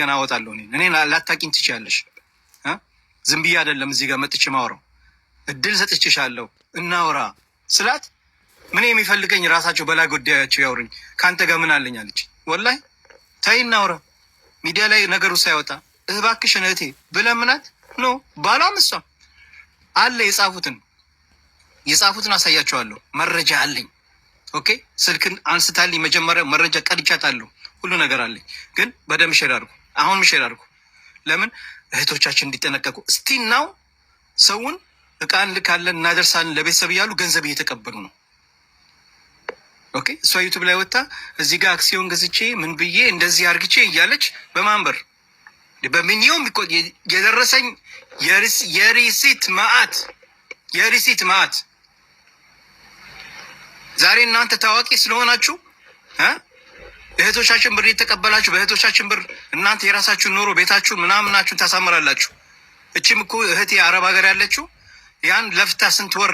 ገና አወጣለሁ። እኔ እኔ ላታቂኝ ትችያለሽ። ዝም ብዬ አይደለም እዚህ ጋር መጥቼ ማውራው፣ እድል ሰጥቼሻለሁ፣ እናውራ ስላት ምን የሚፈልገኝ ራሳቸው በላይ ጉዳያቸው ያውርኝ ከአንተ ጋር ምን አለኝ አለች። ወላይ ተይ እናውራ፣ ሚዲያ ላይ ነገሩ ሳይወጣ እባክሽን እህቴ ብለምናት ኖ ባሏም እሷም አለ የጻፉትን የጻፉትን አሳያቸዋለሁ። መረጃ አለኝ። ኦኬ ስልክን አንስታልኝ መጀመሪያ መረጃ ቀድቻታለሁ። ሁሉ ነገር አለኝ። ግን በደምብ ሼር አድርጉ። አሁን ሼር አድርጉ። ለምን እህቶቻችን እንዲጠነቀቁ እስቲ ናው ሰውን እቃ እንልካለን እናደርሳለን ለቤተሰብ እያሉ ገንዘብ እየተቀበሉ ነው። ኦኬ እሷ ዩቱብ ላይ ወጥታ እዚህ ጋር አክሲዮን ገዝቼ ምን ብዬ እንደዚህ አርግቼ እያለች በማንበር በሚኒየም የደረሰኝ የሪሲት ማአት የሪሲት ማአት ዛሬ እናንተ ታዋቂ ስለሆናችሁ እህቶቻችን ብር እየተቀበላችሁ በእህቶቻችን ብር እናንተ የራሳችሁን ኑሮ ቤታችሁን ምናምናችሁን ታሳምራላችሁ። እችም እኮ እህቴ አረብ ሀገር ያለችው ያን ለፍታ ስንት ወር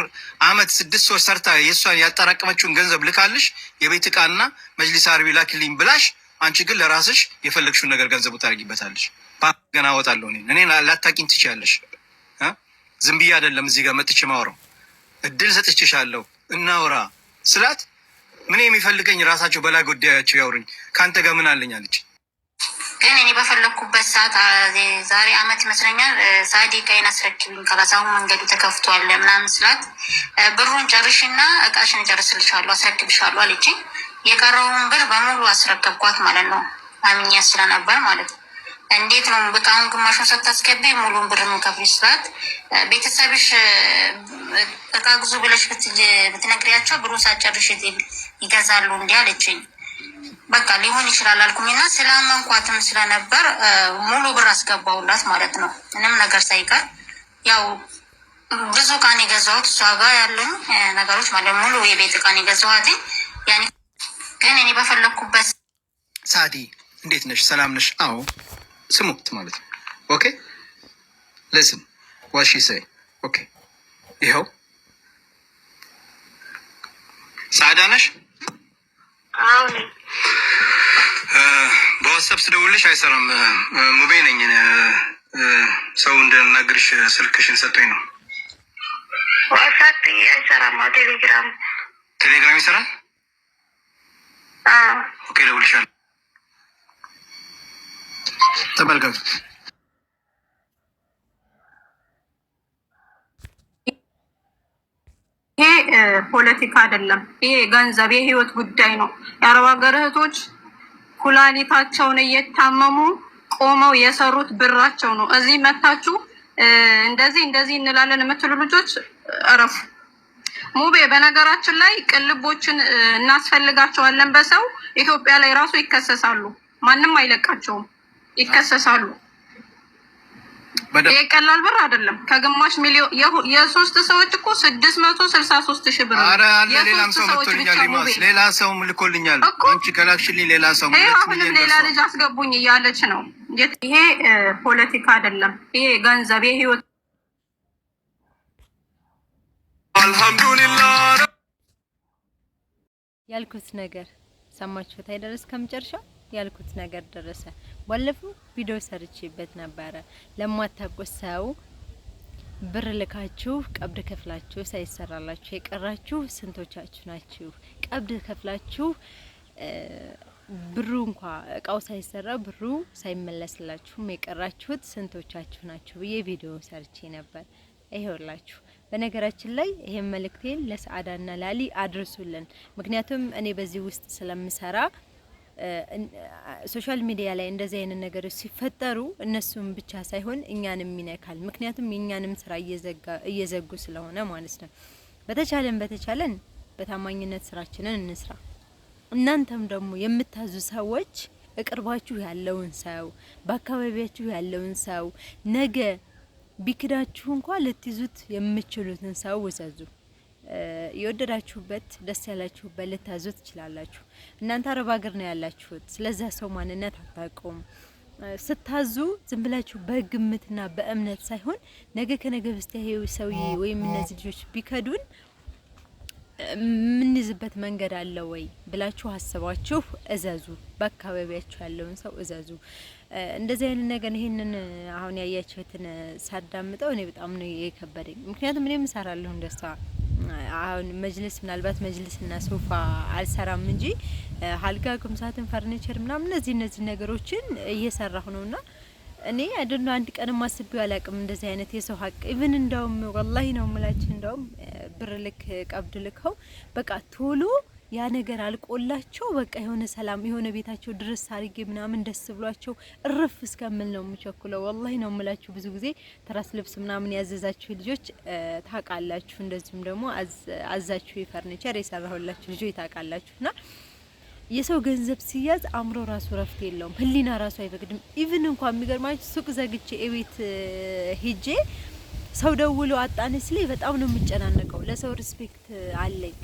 አመት ስድስት ወር ሰርታ የእሷን ያጠራቀመችውን ገንዘብ ልካልሽ የቤት እቃና መጅሊስ አርቢ ላኪልኝ ብላሽ፣ አንቺ ግን ለራስሽ የፈለግሽውን ነገር ገንዘቡ ታደርጊበታለሽ። ገና አወጣለሁ እኔ ላታቂኝ ትችያለሽ። ዝም ብዬ አይደለም እዚህ ጋር መጥቼ ማውራው እድል ሰጥቼሻለሁ እናውራ ስላት ምን የሚፈልገኝ ራሳቸው በላይ ጉዳያቸው ያውሩኝ፣ ከአንተ ጋር ምን አለኝ አለች። ግን እኔ በፈለግኩበት ሰዓት ዛሬ አመት ይመስለኛል ሳዲ ቀይን አስረክብኝ ካላሳሁን መንገዱ ተከፍቷል ምናምን ስላት ብሩን ጨርሽና እቃሽን ጨርስልሻሉ አስረክብሻሉ አለችኝ። የቀረውን ብር በሙሉ አስረከብኳት ማለት ነው። አምኛ ስለነበር ማለት ነው እንዴት ነው በቃሁን ግማሹን ሳታስገቢ ሙሉን ብር ምንከፍል ስላት ቤተሰብሽ ተጋግዙ ብለሽ ብትነግሪያቸው ብሩ ሳጨርሽ ይገዛሉ እንዲ አለችኝ። በቃ ሊሆን ይችላል አልኩኝና ስላመንኳትም ስለነበር ሙሉ ብር አስገባውላት ማለት ነው፣ ምንም ነገር ሳይቀር ያው ብዙ እቃን የገዛሁት እሷ ጋር ያለኝ ነገሮች ማለት ሙሉ የቤት እቃን የገዛኋት ግን እኔ በፈለግኩበት። ሳዲ እንዴት ነሽ? ሰላም ነሽ? አዎ ስሙት ማለት ነው። ኦኬ ልስም ዋሺ ሳይ ኦኬ። ይኸው ሰዓዳ ነሽ። በዋትሳፕ ስደውልሽ አይሰራም። ሙቤ ነኝ። ሰው እንደናግርሽ ስልክሽን ሰጥቶኝ ነው። ዋትሳፕ አይሰራም። ቴሌግራም ቴሌግራም ይሰራል። ኦኬ ደውልሻለሁ። ተመልከቱ። ይሄ ፖለቲካ አይደለም። ይሄ ገንዘብ የህይወት ጉዳይ ነው። የአረብ ሀገር እህቶች ኩላሊታቸውን እየታመሙ ቆመው የሰሩት ብራቸው ነው። እዚህ መታችሁ እንደዚህ እንደዚህ እንላለን የምትሉ ልጆች እረፉ። ሙቤ በነገራችን ላይ ቅልቦችን እናስፈልጋቸዋለን። በሰው ኢትዮጵያ ላይ ራሱ ይከሰሳሉ። ማንም አይለቃቸውም። ይከሰሳሉ። ይህ ቀላል ብር አይደለም። ከግማሽ ሚሊዮን የሶስት ሰዎች እኮ ስድስት መቶ ስልሳ ሶስት ሺ ብር። አረ አለ። ሌላም ሰው መቶልኛል። ሌላ ሰው ልኮልኛል። አንቺ ከላክሽልኝ ሌላ ሰው አሁንም ሌላ ልጅ አስገቡኝ እያለች ነው። ይሄ ፖለቲካ አይደለም። ይሄ ገንዘብ የህይወት አልሐምዱሊላህ ያልኩት ነገር ሰማችሁት አይደል? እስከ መጨረሻው ያልኩት ነገር ደረሰ። ባለፈው ቪዲዮ ሰርቼበት ነበረ። ለማታውቁት ሰው ብር ልካችሁ ቀብድ ከፍላችሁ ሳይሰራላችሁ የቀራችሁ ስንቶቻችሁ ናችሁ? ቀብድ ከፍላችሁ ብሩ እንኳ እቃው ሳይሰራ ብሩ ሳይመለስላችሁም የቀራችሁት ስንቶቻችሁ ናችሁ ብዬ ቪዲዮ ሰርቼ ነበር። ይሄውላችሁ በነገራችን ላይ ይሄን መልእክቴን ለሰአዳና ላሊ አድርሱልን። ምክንያቱም እኔ በዚህ ውስጥ ስለምሰራ ሶሻል ሚዲያ ላይ እንደዚህ አይነት ነገሮች ሲፈጠሩ እነሱም ብቻ ሳይሆን እኛንም ይነካል። ምክንያቱም የእኛንም ስራ እየዘጉ ስለሆነ ማለት ነው። በተቻለን በተቻለን በታማኝነት ስራችንን እንስራ። እናንተም ደግሞ የምታዙ ሰዎች እቅርባችሁ ያለውን ሰው በአካባቢያችሁ ያለውን ሰው ነገ ቢክዳችሁ እንኳ ልትይዙት የምችሉትን ሰው ውዘዙ። የወደዳችሁበት ደስ ያላችሁበት ልታዙ ትችላላችሁ። እናንተ አረብ ሀገር ነው ያላችሁት፣ ስለዚያ ሰው ማንነት አታውቁም። ስታዙ ዝም ብላችሁ በግምትና በእምነት ሳይሆን ነገ ከነገ በስቲያ ሰውዬ ወይም እነዚህ ልጆች ቢከዱን የምንይዝበት መንገድ አለ ወይ ብላችሁ አስባችሁ እዘዙ። በአካባቢያችሁ ያለውን ሰው እዘዙ። እንደዚህ አይነት ነገር ይህንን አሁን ያያችሁትን ሳዳምጠው እኔ በጣም ነው የከበደኝ። ምክንያቱም እኔም እሰራለሁ እንደሷ አሁን መጅልስ ምናልባት መጅልስና ሶፋ አልሰራም እንጂ ሀልጋ፣ ቁምሳጥን፣ ፈርኒቸር ምናምን እነዚህ እነዚህ ነገሮችን እየሰራሁ ነውና እኔ አይደሉ አንድ ቀን ማስብ ያላቅም እንደዚህ አይነት የሰው ሀቅ ኢቭን እንደውም ወላሂ ነው ምላችን እንደውም ብር ልክ ቀብድ ልከው በቃ ቶሎ ያ ነገር አልቆላቸው በቃ የሆነ ሰላም የሆነ ቤታቸው ድረስ አድርጌ ምናምን ደስ ብሏቸው እርፍ እስከምል ነው የምቸኩለው። ወላሂ ነው የምላችሁ። ብዙ ጊዜ ትራስ ልብስ ምናምን ያዘዛችሁ ልጆች ታውቃላችሁ፣ እንደዚሁም ደግሞ አዛችሁ የፈርኒቸር የሰራሁላችሁ ልጆች ታውቃላችሁ ና የሰው ገንዘብ ሲያዝ አእምሮ ራሱ ረፍት የለውም። ህሊና ራሱ አይፈቅድም። ኢቭን እንኳን የሚገርማች ሱቅ ዘግቼ እቤት ሄጄ ሰው ደውሎ አጣነ ስለ በጣም ነው የምጨናነቀው። ለሰው ሪስፔክት አለኝ።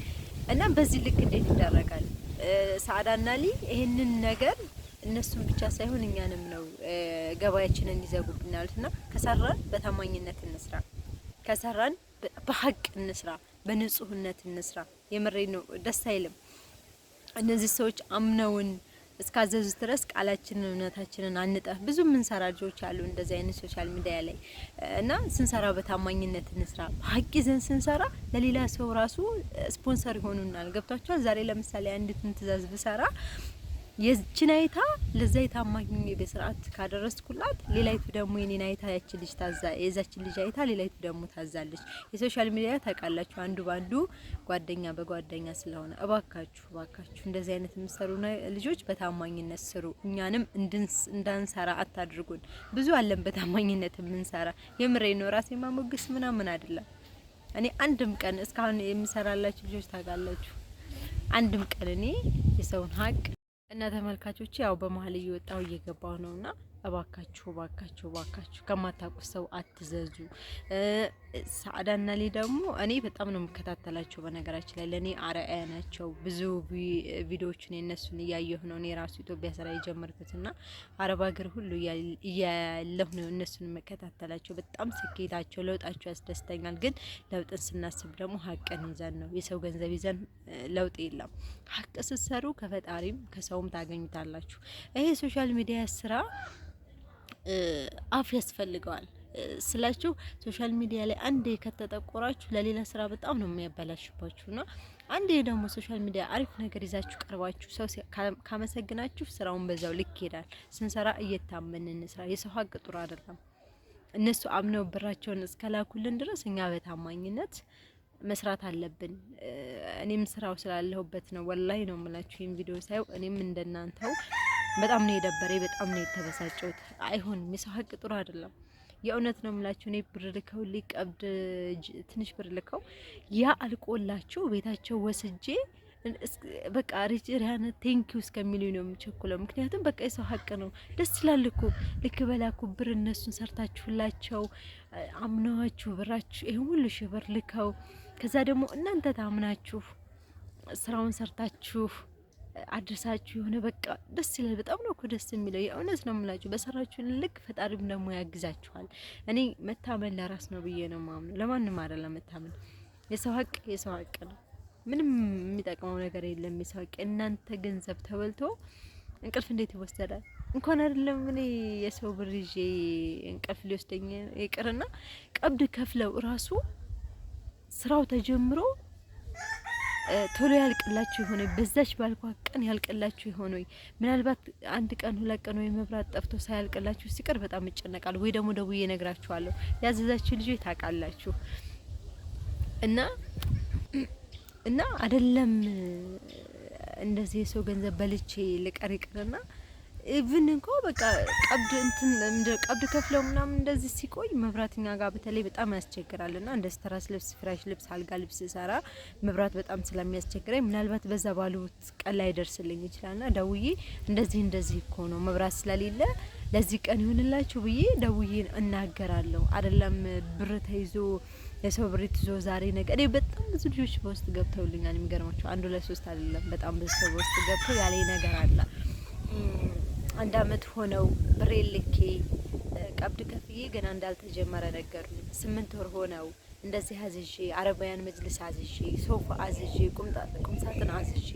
እናም በዚህ ልክ እንዴት ይደረጋል? ሰአዳና ሊ ይህንን ነገር እነሱን ብቻ ሳይሆን እኛንም ነው ገበያችንን ይዘጉብን ያሉትና ከሰራን በታማኝነት እንስራ፣ ከሰራን በሀቅ እንስራ፣ በንጹህነት እንስራ። የምሬ ነው። ደስ አይልም። እነዚህ ሰዎች አምነውን እስካዘዙት ድረስ ቃላችንን እውነታችንን አንጠፍ። ብዙ የምንሰራ ልጆች አሉ እንደዚህ አይነት ሶሻል ሚዲያ ላይ እና ስንሰራ በታማኝነት እንስራ። በሀቂ ይዘን ስንሰራ ለሌላ ሰው ራሱ ስፖንሰር ይሆኑናል። ገብቷቸዋል። ዛሬ ለምሳሌ አንዲቱን ትእዛዝ ብሰራ የችን አይታ ለዛ የታማኝ በስርዓት ካደረስኩላት ሌላይቱ ደግሞ የኔን አይታ ያችን ልጅ ታዛ የዛችን ልጅ አይታ ሌላይቱ ደግሞ ታዛለች። የሶሻል ሚዲያ ታውቃላችሁ፣ አንዱ ባንዱ ጓደኛ በጓደኛ ስለሆነ እባካችሁ እባካችሁ እንደዚህ አይነት የምሰሩ ልጆች በታማኝነት ስሩ። እኛንም እንዳንሰራ አታድርጉን። ብዙ አለን በታማኝነት የምንሰራ የምሬ ነው። ራሴ ምናምን አይደለም። እኔ አንድም ቀን እስካሁን የምሰራላችሁ ልጆች ታውቃላችሁ፣ አንድም ቀን እኔ የሰውን ሀቅ እና ተመልካቾች ያው በመሀል እየወጣው እየገባው ነውና እባካችሁ እባካችሁ እባካችሁ ከማታውቁት ሰው አትዘዙ። ሰአዳና ሊ ደግሞ እኔ በጣም ነው የምከታተላቸው። በነገራችን ላይ ለእኔ አርአያ ናቸው። ብዙ ቪዲዮዎችን የነሱን እያየሁ ነው እኔ ራሱ ኢትዮጵያ ስራ የጀመርኩት እና አረብ ሀገር ሁሉ እያለሁ ነው እነሱን የምከታተላቸው። በጣም ስኬታቸው፣ ለውጣቸው ያስደስተኛል። ግን ለውጥን ስናስብ ደግሞ ሀቅን ይዘን ነው። የሰው ገንዘብ ይዘን ለውጥ የለም። ሀቅ ስትሰሩ ከፈጣሪም ከሰውም ታገኙታላችሁ። ይሄ ሶሻል ሚዲያ ስራ አፍ ያስፈልገዋል ስላችሁ ሶሻል ሚዲያ ላይ አንዴ ከተጠቆራችሁ ለሌላ ስራ በጣም ነው የሚያበላሽባችሁና አንዴ ደግሞ ሶሻል ሚዲያ አሪፍ ነገር ይዛችሁ ቀርባችሁ ሰው ካመሰግናችሁ ስራውን በዛው ልክ ይሄዳል። ስንሰራ እየታመን እንስራ። የሰው ሀቅ ጥሩ አይደለም። እነሱ አምነው ብራቸውን እስከላኩልን ድረስ እኛ በታማኝነት መስራት አለብን። እኔም ስራው ስላለሁበት ነው። ወላይ ነው የምላችሁ። ይህም ቪዲዮ ሳየው እኔም እንደናንተው በጣም ነው የደበረኝ። በጣም ነው የተበሳጨሁት። አይሆንም፣ የሰው ሀቅ ጥሩ አይደለም። የእውነት ነው የምላችሁ። እኔ ብር ልከው ሊቀብድ ትንሽ ብር ልከው ያ አልቆላችሁ ቤታቸው ወስጄ በቃ ሪጭሪያን ቴንኪው እስከሚሉኝ ነው የምቸኩለው። ምክንያቱም በቃ የሰው ሀቅ ነው። ደስ ይላል እኮ ልክ በላኩ ብር እነሱን ሰርታችሁላቸው አምናችሁ ብራችሁ ይህ ሁሉ ሺህ ብር ልከው ከዛ ደግሞ እናንተ ታምናችሁ ስራውን ሰርታችሁ አድርሳችሁ የሆነ በቃ ደስ ይላል። በጣም ነው እኮ ደስ የሚለው። የእውነት ነው የምላችሁ። በሰራችሁ ልክ ፈጣሪም ደግሞ ያግዛችኋል። እኔ መታመን ለራስ ነው ብዬ ነው ማምኑ። ለማንም አይደለም መታመን። የሰው ሀቅ የሰው ሀቅ ነው። ምንም የሚጠቅመው ነገር የለም የሰው ሀቅ። እናንተ ገንዘብ ተበልቶ እንቅልፍ እንዴት ይወሰዳል? እንኳን አይደለም እኔ የሰው ብር ይዤ እንቅልፍ ሊወስደኝ ይቅርና ቀብድ ከፍለው ራሱ ስራው ተጀምሮ ቶሎ ያልቅላችሁ ይሆነ በዛች ባልኳ ቀን ያልቅላችሁ ይሆነ ምናልባት አንድ ቀን ሁለት ቀን ወይ መብራት ጠፍቶ ሳያልቅላችሁ ሲቀር በጣም እጨነቃለሁ። ወይ ደግሞ ደውዬ እነግራችኋለሁ። ያዘዛችሁ ልጅ ታውቃላችሁ። እና እና አይደለም እንደዚህ የሰው ገንዘብ በልቼ ልቀር ይቅርና ኢቭን እንኳ በቃ ቀብድ እንትን ቀብድ ከፍለው ምናምን እንደዚህ ሲቆይ መብራትኛ ጋር በተለይ በጣም ያስቸግራል። ና እንደ ስትራስ ልብስ፣ ፍራሽ ልብስ፣ አልጋ ልብስ ሰራ መብራት በጣም ስለሚያስቸግረኝ ምናልባት በዛ ባሉት ቀን ላይ ደርስልኝ ይችላል። ና ደውዬ እንደዚህ እንደዚህ እኮ ነው መብራት ስለሌለ ለዚህ ቀን ይሆንላችሁ ብዬ ደውዬ እናገራለሁ። አይደለም ብር ተይዞ የሰው ብሬት ይዞ ዛሬ ነገ እኔ በጣም ብዙ ልጆች በውስጥ ገብተውልኛል። የሚገርማቸው አንዱ ለሶስት አይደለም በጣም ብዙ ሰው በውስጥ ገብተው ያለኝ ነገር አለ አንድ አመት ሆነው ብሬ ልኬ ቀብድ ከፍዬ ገና እንዳልተጀመረ ነገሩኝ። ስምንት ወር ሆነው እንደዚህ አዝዤ አረባውያን መጅልስ አዝዤ ሶፋ አዝዤ ቁምሳጥን አዝዤ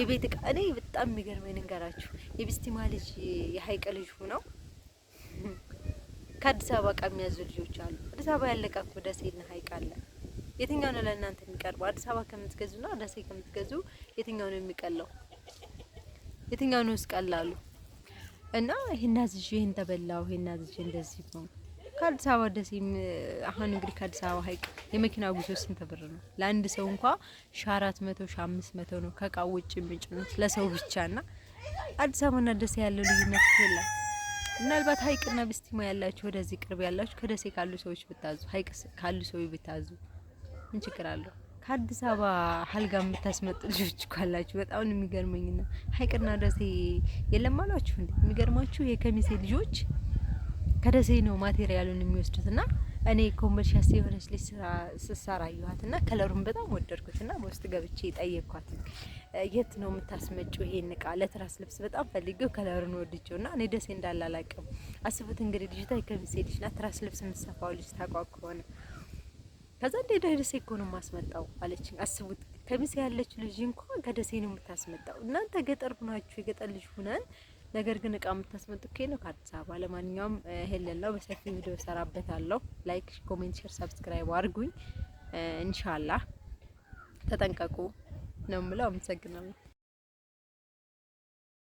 የቤት እቃ እኔ በጣም የሚገርመኝ ንገራችሁ የቢስቲማ ልጅ የሀይቅ ልጅ ሆነው ከአዲስ አበባ እቃ የሚያዙ ልጆች አሉ። አዲስ አበባ ያለቃ እኮ ደሴና ሀይቅ አለ። የትኛው ነው ለእናንተ የሚቀርበው? አዲስ አበባ ከምትገዙና ደሴ ከምትገዙ የትኛው ነው የሚቀለው? የትኛው ነው ውስጥ ቀላሉ? እና ይሄን አዝዤ ይሄን ተበላው ይሄን አዝዤ እንደዚህ ነው። ከአዲስ አበባ ደሴም አሁን እንግዲህ ከአዲስ አበባ ሀይቅ የመኪና ጉዞ ስንት ብር ነው? ለአንድ ሰው እንኳ ሺ አራት መቶ ሺ አምስት መቶ ነው ከእቃ ውጭ የሚጭኑት ለሰው ብቻ ና አዲስ አበባና ደሴ ያለው ልዩነት የለም። ምናልባት ሀይቅና ብስቲሞ ያላችሁ ወደዚህ ቅርብ ያላችሁ ከደሴ ካሉ ሰዎች ብታዙ ሀይቅ ካሉ ሰዎች ብታዙ ምን ችግር አለው? ከአዲስ አበባ ሀልጋ የምታስመጥ ልጆች ካላችሁ በጣም ነው ና ሀይቅና ደሴ የለም አሏችሁ እንዴ? የሚገርማችሁ የከሚሴ ልጆች ከደሴ ነው ማቴሪያሉን የሚወስዱት። ና እኔ ኮምቦልቻ የሆነች ልጅ ስራ ስሰራ ና ከለሩን በጣም ወደድኩት ና በውስጥ ገብቼ ጠየኳት። የት ነው የምታስመጩ ይሄን እቃ? ለትራስ ልብስ በጣም ፈልጌው ከለሩን ወድጀው ና እኔ ደሴ እንዳላላቅም አስቡት እንግዲህ ልጅታ የከሚሴ ልጅ ና ትራስ ልብስ የምትሰፋው ልጅ ታቋቁ ሆነ ከዛ እንደ ደደሴ እኮ ነው የማስመጣው አለች። አስቡት ከሚሴ ያለች ልጅ እንኳን ከደሴ ነው የምታስመጣው። እናንተ ገጠር ሁናችሁ የገጠር ልጅ ሁነን ነገር ግን እቃ የምታስመጡ ከሆነ ነው ከአዲስ አበባ። ለማንኛውም ሄለን በሰፊ ቪዲዮ ሰራበታለሁ። ላይክ፣ ኮሜንት፣ ሼር፣ ሰብስክራይብ አድርጉኝ። ኢንሻአላህ ተጠንቀቁ ነው የምለው። አመሰግናለሁ።